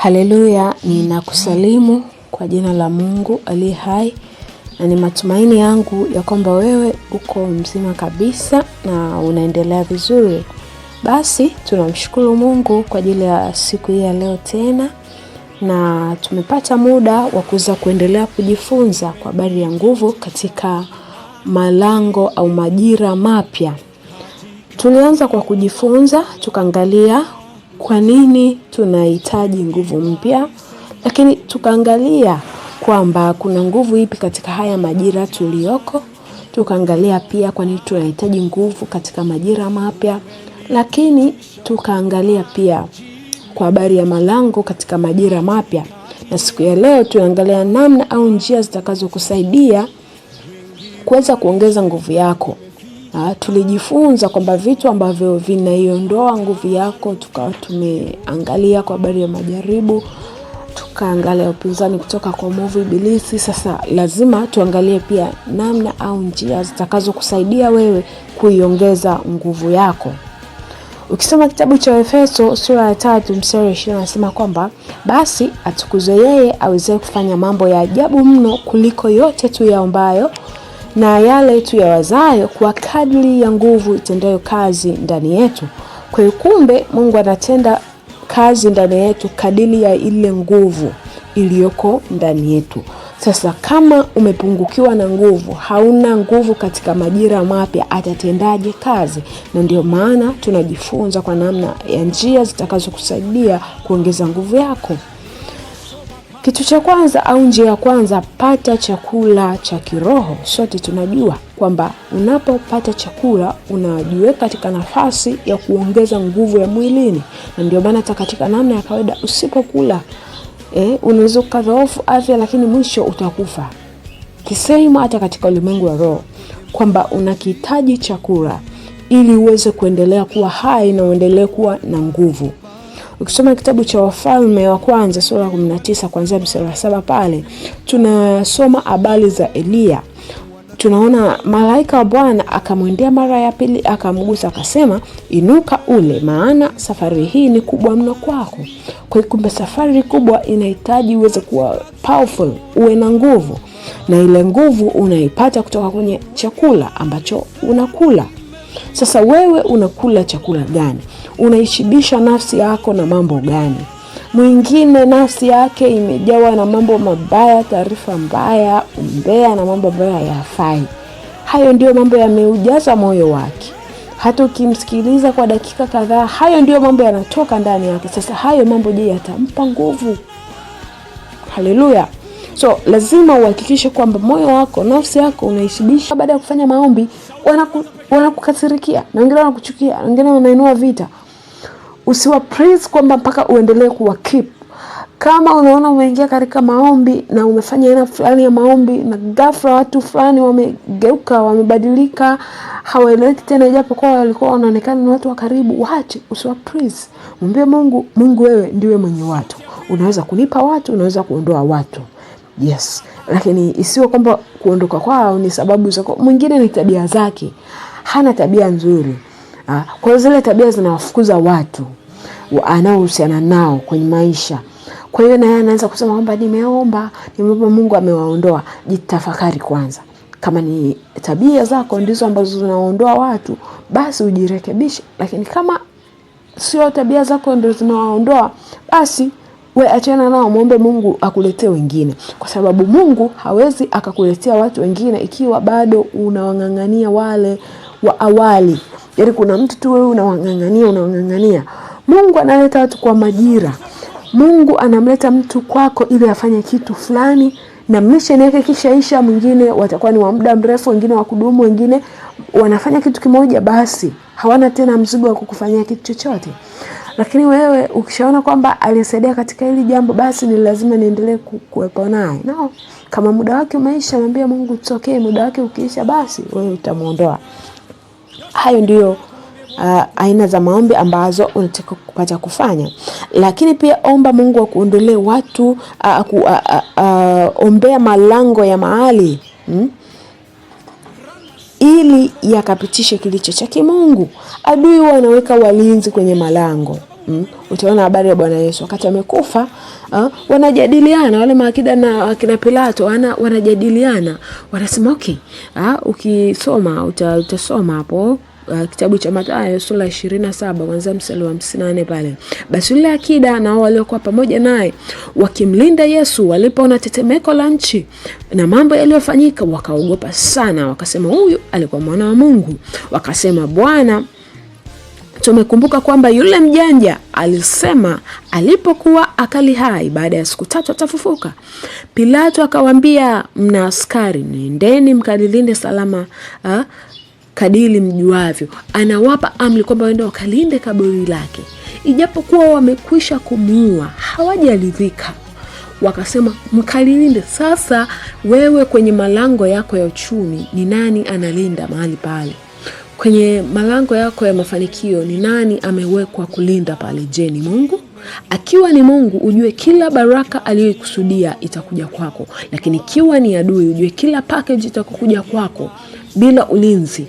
Haleluya, ninakusalimu kwa jina la Mungu aliye hai, na ni matumaini yangu ya kwamba wewe uko mzima kabisa na unaendelea vizuri. Basi tunamshukuru Mungu kwa ajili ya siku hii ya leo tena, na tumepata muda wa kuweza kuendelea kujifunza kwa habari ya nguvu katika malango au majira mapya. Tulianza kwa kujifunza tukaangalia kwa nini tunahitaji nguvu mpya, lakini tukaangalia kwamba kuna nguvu ipi katika haya majira tuliyoko. Tukaangalia pia kwa nini tunahitaji nguvu katika majira mapya, lakini tukaangalia pia kwa habari ya malango katika majira mapya. Na siku ya leo tunaangalia namna au njia zitakazokusaidia kuweza kuongeza nguvu yako. Uh, tulijifunza kwamba vitu ambavyo vinaiondoa nguvu yako, tukawa tumeangalia kwa habari ya majaribu, tukaangalia upinzani kutoka kwa mwovu Ibilisi. Sasa lazima tuangalie pia namna au njia zitakazokusaidia wewe kuiongeza nguvu yako. Ukisoma kitabu cha Efeso sura ya tatu mstari wa ishirini anasema kwamba basi atukuzwe yeye aweze kufanya mambo ya ajabu mno kuliko yote tu yaombayo na yale tu wazayo kwa kadri ya nguvu itendayo kazi ndani yetu. Kwa hiyo kumbe Mungu anatenda kazi ndani yetu kadiri ya ile nguvu iliyoko ndani yetu. Sasa kama umepungukiwa na nguvu, hauna nguvu katika majira mapya, atatendaje kazi? Na ndio maana tunajifunza kwa namna ya njia zitakazokusaidia kuongeza nguvu yako. Kitu cha kwanza au njia ya kwanza, pata chakula cha kiroho. Sote tunajua kwamba unapopata chakula unajiweka katika nafasi ya kuongeza nguvu ya mwilini, na ndio maana hata katika namna ya kawaida usipokula eh, unaweza ukadhoofu afya, lakini mwisho utakufa. Kisema hata katika ulimwengu wa roho kwamba unakihitaji chakula ili uweze kuendelea kuwa hai na uendelee kuwa na nguvu. Ukisoma kitabu cha Wafalme wa Kwanza sura ya 19 kuanzia mstari wa saba pale tunasoma habari za Eliya. Tunaona malaika wa Bwana akamwendea mara ya pili, akamgusa, akasema, inuka ule, maana safari hii ni kubwa mno kwako. Kwa hiyo kumbe safari kubwa inahitaji uweze kuwa powerful, uwe na nguvu, na ile nguvu unaipata kutoka kwenye chakula ambacho unakula. Sasa wewe unakula chakula gani? Unaishibisha nafsi yako na mambo gani? Mwingine nafsi yake imejawa na mambo mabaya, taarifa mbaya, umbea na mambo ambayo hayafai. Hayo ndiyo mambo yameujaza moyo wake. Hata ukimsikiliza kwa dakika kadhaa, hayo ndiyo mambo yanatoka ndani yake. Sasa hayo mambo, je, yatampa nguvu? Haleluya! So lazima uhakikishe kwamba moyo wako, nafsi yako unaishibisha. Baada ya kufanya maombi, wanaku, wanakukasirikia na wengine wanakuchukia, wengine wanainua vita. Usiwa praise kwamba mpaka uendelee kuwa keep. Kama unaona umeingia katika maombi na umefanya aina fulani ya maombi na ghafla watu fulani wamegeuka, wamebadilika, hawaeleweki tena, ijapokuwa walikuwa wanaonekana ni watu wa karibu, waache. Usiwa praise, mwambie Mungu, Mungu wewe ndiwe mwenye watu, unaweza kunipa watu, unaweza kuondoa watu yes, lakini isiwe kwamba kuondoka kwao ni sababu za mwingine. Ni tabia zake, hana tabia nzuri. Ah, kwa hiyo zile tabia zinawafukuza watu anaohusiana nao kwenye maisha. Kwa hiyo naye anaanza kusema kwamba nimeomba, nimeomba, Mungu amewaondoa. Jitafakari kwanza, kama ni tabia zako ndizo ambazo zinawaondoa watu, basi ujirekebishe, lakini kama sio tabia zako ndio zinawaondoa, basi we achana nao, muombe Mungu akuletee wengine, kwa sababu Mungu hawezi akakuletea watu wengine ikiwa bado unawang'ang'ania wale wa awali. Yaani kuna mtu tu wewe unawang'ang'ania unawang'ang'ania. Mungu analeta watu kwa majira. Mungu anamleta mtu kwako ili afanye kitu fulani na misheni yake kishaisha, mwingine watakuwa ni wa muda mrefu, wengine wa kudumu, wengine wanafanya kitu kimoja basi hawana tena mzigo wa kukufanyia kitu chochote. Lakini wewe ukishaona kwamba alisaidia katika hili jambo, basi ni lazima niendelee kuwepo naye no. Kama muda wake umeisha, mwambie Mungu tutokee, muda wake ukiisha, basi wewe utamuondoa. Hayo ndiyo Uh, aina za maombi ambazo unataka kupata kufanya, lakini pia omba Mungu akuondolee wa watu uh, ku, uh, uh, uh, ombea malango ya mahali hmm? ili yakapitishe kilicho cha kimungu. Adui huwa anaweka walinzi kwenye malango mm, utaona habari ya Bwana Yesu wakati amekufa, uh, wanajadiliana wale maakida na akina Pilato wana, wanajadiliana wanasema okay, uh, ukisoma uta, utasoma hapo Uh, kitabu cha Mathayo sura ishirini na saba kuanzia mstari wa hamsini na nne pale. Basi yule akida na wao waliokuwa pamoja naye wakimlinda Yesu, walipoona tetemeko la nchi na mambo yaliyofanyika, wakaogopa sana, wakasema huyu alikuwa mwana wa Mungu. Wakasema Bwana Tumekumbuka kwamba yule mjanja alisema alipokuwa akali hai baada ya siku tatu atafufuka. Pilato akawaambia, mna askari, nendeni mkalilinde salama ha? Ah, kadili mjuavyo. Anawapa amri kwamba waende wakalinde kaburi lake, ijapokuwa wamekwisha kumuua hawajaridhika wakasema mkalilinde. Sasa wewe, kwenye malango yako ya uchumi, ni nani analinda mahali pale? Kwenye malango yako ya mafanikio ni nani amewekwa kulinda pale? Je, ni Mungu? Akiwa ni Mungu, ujue kila baraka aliyoikusudia itakuja kwako, lakini ikiwa ni adui, ujue kila package itakokuja kwako bila ulinzi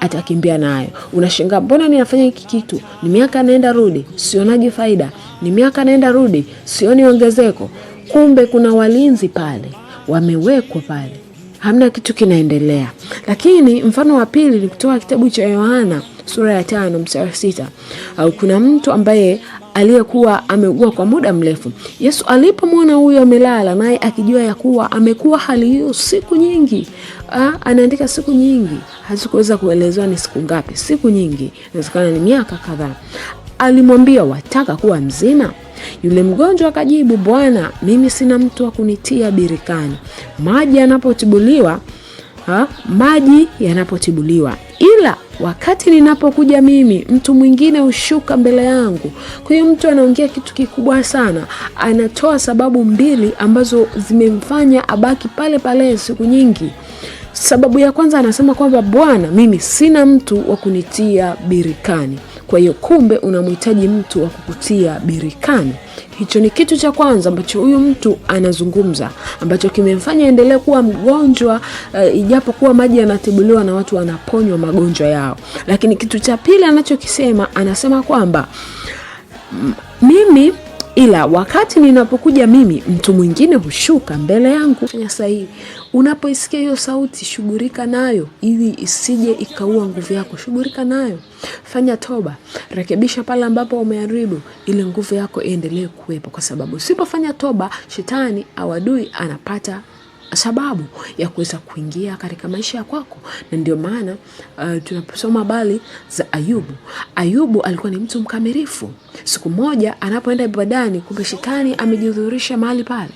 atakimbia nayo. Unashangaa, mbona ninafanya hiki kitu? Ni miaka naenda rudi, sionaji faida, ni miaka naenda rudi, sioni ongezeko. Kumbe kuna walinzi pale, wamewekwa pale hamna kitu kinaendelea. Lakini mfano wa pili ni kutoka kitabu cha Yohana sura ya tano mstari sita. Au kuna mtu ambaye aliyekuwa ameugua kwa muda mrefu. Yesu alipomwona huyo amelala, naye akijua ya kuwa amekuwa hali hiyo siku nyingi, anaandika siku nyingi, hazikuweza kuelezewa ni siku ngapi, siku nyingi, inawezekana ni miaka kadhaa, alimwambia wataka kuwa mzima? Yule mgonjwa akajibu, Bwana, mimi sina mtu wa kunitia birikani maji yanapotibuliwa Ha, maji yanapotibuliwa, ila wakati ninapokuja mimi mtu mwingine hushuka mbele yangu. Kwa hiyo mtu anaongea kitu kikubwa sana, anatoa sababu mbili ambazo zimemfanya abaki pale pale siku nyingi. Sababu ya kwanza anasema kwamba Bwana, mimi sina mtu wa kunitia birikani. Kwa hiyo kumbe unamhitaji mtu wa kukutia birikani. Hicho ni kitu cha kwanza ambacho huyu mtu anazungumza ambacho kimemfanya endelee kuwa mgonjwa uh, ijapokuwa maji yanatibuliwa na watu wanaponywa magonjwa yao. Lakini kitu cha pili anachokisema, anasema kwamba mimi ila wakati ninapokuja mimi mtu mwingine hushuka mbele yangu. Fanya sahihi. Unapoisikia hiyo sauti, shughulika nayo ili isije ikaua nguvu yako. Shughulika nayo, fanya toba, rekebisha pale ambapo umeharibu, ili nguvu yako iendelee kuwepo, kwa sababu usipofanya toba, shetani au adui anapata sababu ya kuweza kuingia katika maisha ya kwako, na ndio maana uh, tunaposoma habari za Ayubu. Ayubu alikuwa ni mtu mkamilifu. Siku moja anapoenda ibadani, kumbe shetani amejidhurisha mahali pale.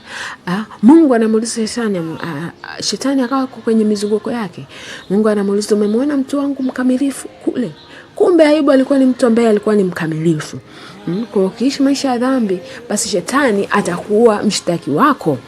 Uh, Mungu anamuuliza shetani, uh, uh shetani akawa kwenye mizunguko yake. Mungu anamuuliza umemwona mtu wangu mkamilifu kule? Kumbe Ayubu alikuwa ni mtu ambaye alikuwa ni mkamilifu. Mm, Kwa ukiishi maisha ya dhambi, basi shetani atakuwa mshtaki wako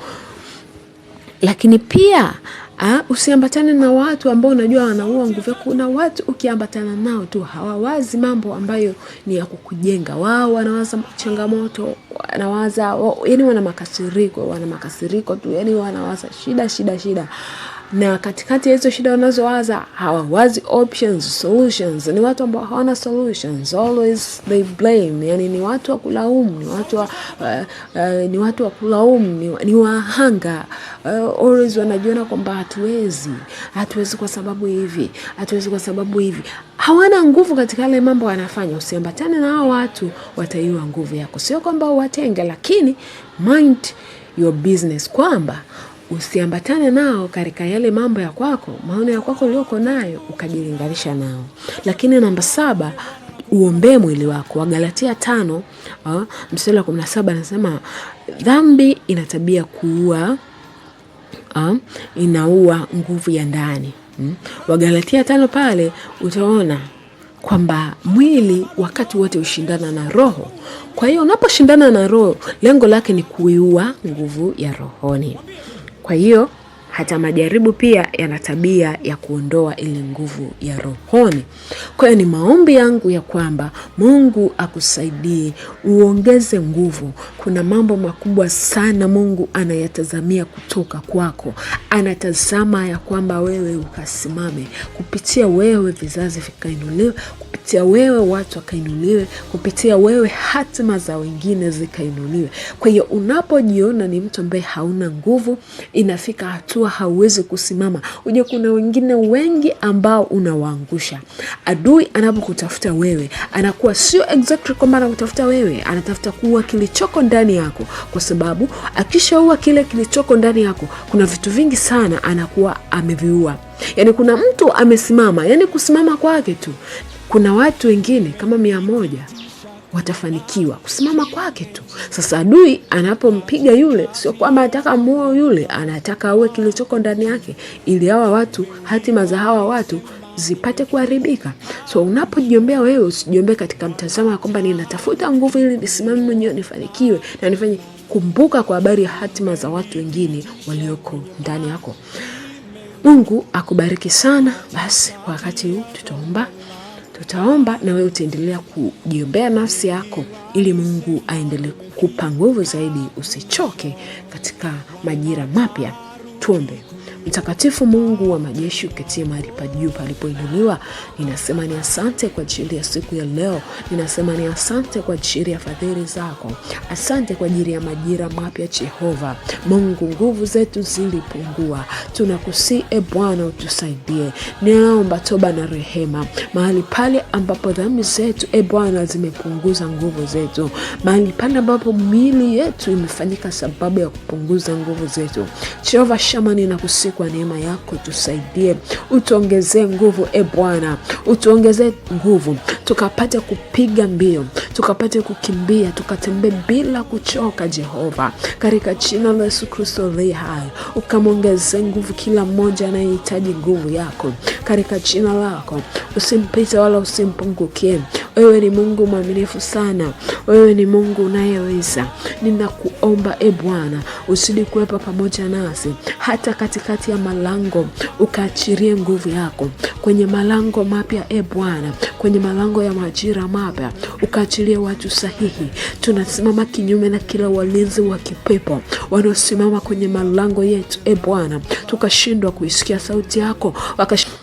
lakini pia Ha, ah, usiambatane na watu ambao unajua wanaua nguvu yako. Kuna watu ukiambatana nao tu hawawazi mambo ambayo ni ya kukujenga. Wao wanawaza changamoto, wanawaza yani, wana makasiriko, wana makasiriko tu yani, wanawaza shida shida shida na katikati ya hizo shida wanazowaza hawawazi options, solutions. Ni watu ambao hawana solutions, always they blame. Yani ni watu wa kulaumu, ni watu wa, uh, uh, ni watu wa kulaumu, ni, ni wahanga uh, always wanajiona kwamba hatuwezi, hatuwezi kwa sababu hivi, hatuwezi kwa sababu hivi. Hawana nguvu katika yale mambo wanafanya. Usiambatane na hao watu, wataiwa nguvu yako. Sio kwamba watenge, lakini mind your business kwamba usiambatane nao katika yale mambo ya kwako, maono ya kwako ulioko nayo ukajilinganisha nao. Lakini namba saba, uombee mwili wako. Wagalatia tano uh, mstari wa kumi na saba anasema dhambi ina tabia kuua, uh, inaua nguvu ya ndani hmm. Wagalatia tano pale utaona kwamba mwili wakati wote hushindana na roho. Kwa hiyo unaposhindana na roho, lengo lake ni kuiua nguvu ya rohoni. Kwa hiyo hata majaribu pia yana tabia ya kuondoa ile nguvu ya rohoni. Kwa hiyo ni maombi yangu ya kwamba Mungu akusaidie uongeze nguvu. Kuna mambo makubwa sana Mungu anayatazamia kutoka kwako, anatazama ya kwamba wewe ukasimame, kupitia wewe vizazi vikainuliwe, kupitia wewe watu wakainuliwe, kupitia wewe hatima za wengine zikainuliwe. Kwa hiyo unapojiona ni mtu ambaye hauna nguvu, inafika hatua hatua hauwezi kusimama. Ujue kuna wengine wengi ambao unawaangusha. Adui anapokutafuta wewe, anakuwa sio exactly kwamba anakutafuta wewe, anatafuta kuua kilichoko ndani yako, kwa sababu akishaua kile kilichoko ndani yako, kuna vitu vingi sana anakuwa ameviua. Yani kuna mtu amesimama, yani kusimama kwake tu. Kuna watu wengine kama mia moja watafanikiwa kusimama kwake tu. Sasa adui anapompiga yule, sio kwamba anataka muo yule, anataka awe kilichoko ndani yake, ili hawa watu, hatima za hawa watu zipate kuharibika. So unapojiombea wewe, usijiombee katika mtazamo ya kwamba ninatafuta nguvu ili nisimame mwenyewe nifanikiwe na nifanye. Kumbuka kwa habari ya hatima za watu wengine walioko ndani yako. Mungu akubariki sana. Basi kwa wakati huu tutaomba. Tutaomba na wewe utaendelea kujiombea nafsi yako, ili Mungu aendelee kukupa nguvu zaidi, usichoke katika majira mapya. Tuombe. Mtakatifu Mungu wa majeshi, uketie mahali pa juu palipoinuliwa, ninasema ni asante kwa ajili ya siku ya leo. Ninasema ni asante kwa ajili ya fadhili zako, asante kwa ajili ya majira mapya. Jehova Mungu, nguvu zetu zilipungua, tunakusi e Bwana utusaidie. Ninaomba toba na rehema mahali pale ambapo dhambi zetu e Bwana zimepunguza nguvu zetu, mahali pale ambapo miili yetu imefanyika sababu ya kupunguza nguvu zetu. Jehova Shama, ninakusii kwa neema yako tusaidie, utuongezee nguvu. E Bwana, utuongezee nguvu tukapata kupiga mbio tukapate kukimbia tukatembea bila kuchoka, Jehova, katika china la Yesu Kristo aliye hai, ukamwongeze nguvu kila mmoja anayehitaji nguvu yako katika china lako, usimpite wala usimpungukie. Wewe ni Mungu mwaminifu sana, wewe ni Mungu unayeweza. Ninakuomba e Bwana, usidi kuwepa pamoja nasi hata katikati ya malango, ukaachirie nguvu yako kwenye malango mapya, e Bwana, kwenye malango ya majira mapya, ukaachilie watu sahihi. Tunasimama kinyume na kila walinzi wa kipepo wanaosimama kwenye malango yetu, e Bwana, tukashindwa kuisikia sauti yako wakash